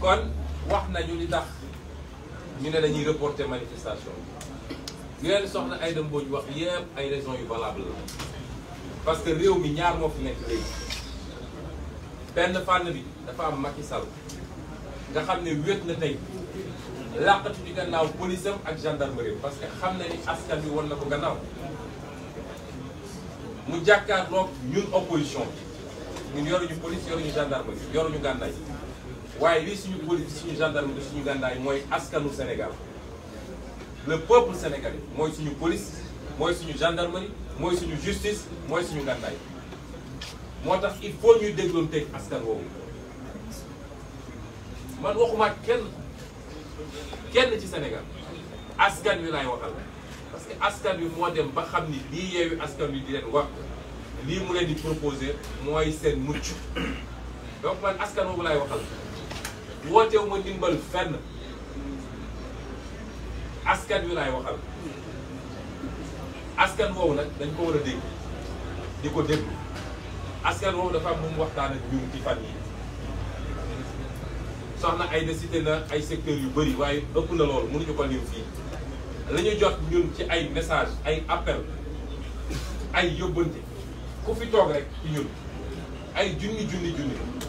kon wax nañu li tax ñu ne dañuy reporter manifestation bi leen soxna ay dem boo ñu wax yëpp ay raisons yu valable la parce que réew mi ñaar moo fi nekk léegi benn fànn bi dafa am Macky Sall nga xam ne wéet na tey làqatu ci gannaaw police am ak gendarmerie parce que xam ne ni askan bi won na ko gannaaw mu jàkkaarloog ñun opposition bi ñun yoruñu police yoruñu gendarmerie yoruñu gànnaay. suñu gendarmes, suñu Sénégal le peuple sénégalais c'est suñu police moi, suñu gendarmerie c'est suñu justice moi, suñu gendarmes. Moi, il faut nous dégloon Je askan sais man waxuma kenn est ci Sénégal askan vous waxal parce que askan moi moo dem ba je ni y a askan wi di dire. wax lii mu di proposer donc man askan wootewu ma ndimbal fenn askan wi laay waxal askan woowu nag dañ ko war a dégg di ko déglu askan woowu dafa mu waxtaan a ñun ci fan yi soxna ay de cité na ay secteurs yu bëri waaye ëpp na loolu mënuñu ko lim fii la ñu jot ñun ci ay message ay appel ay yóbbante ku fi toog rek ci ñun ay junni junni junni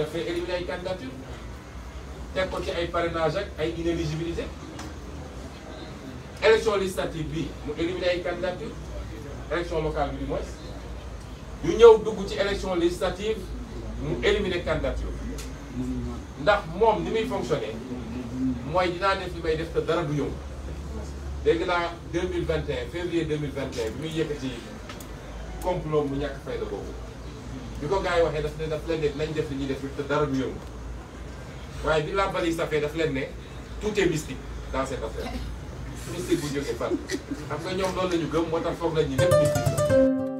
fait éliminer les candidature T'es ko ci ay parrainage ak inéligibilité élection législative bi mu éliminer ay candidature élection locale du moins dugg ci élection législative mu éliminer candidature ndax moom ni fonctionner def def dara du 2021 février 2021 bi muy complot mu bi ko gars yi waxee daf ne daf leen ne nañ def li ñuy def te dara du yëngu waaye bi la valise safee daf leen ne tout est mystique dans cette bu jógee fan xam nga ñoom lool la ñu gëm moo tax foofu nañ ñu lépp mystique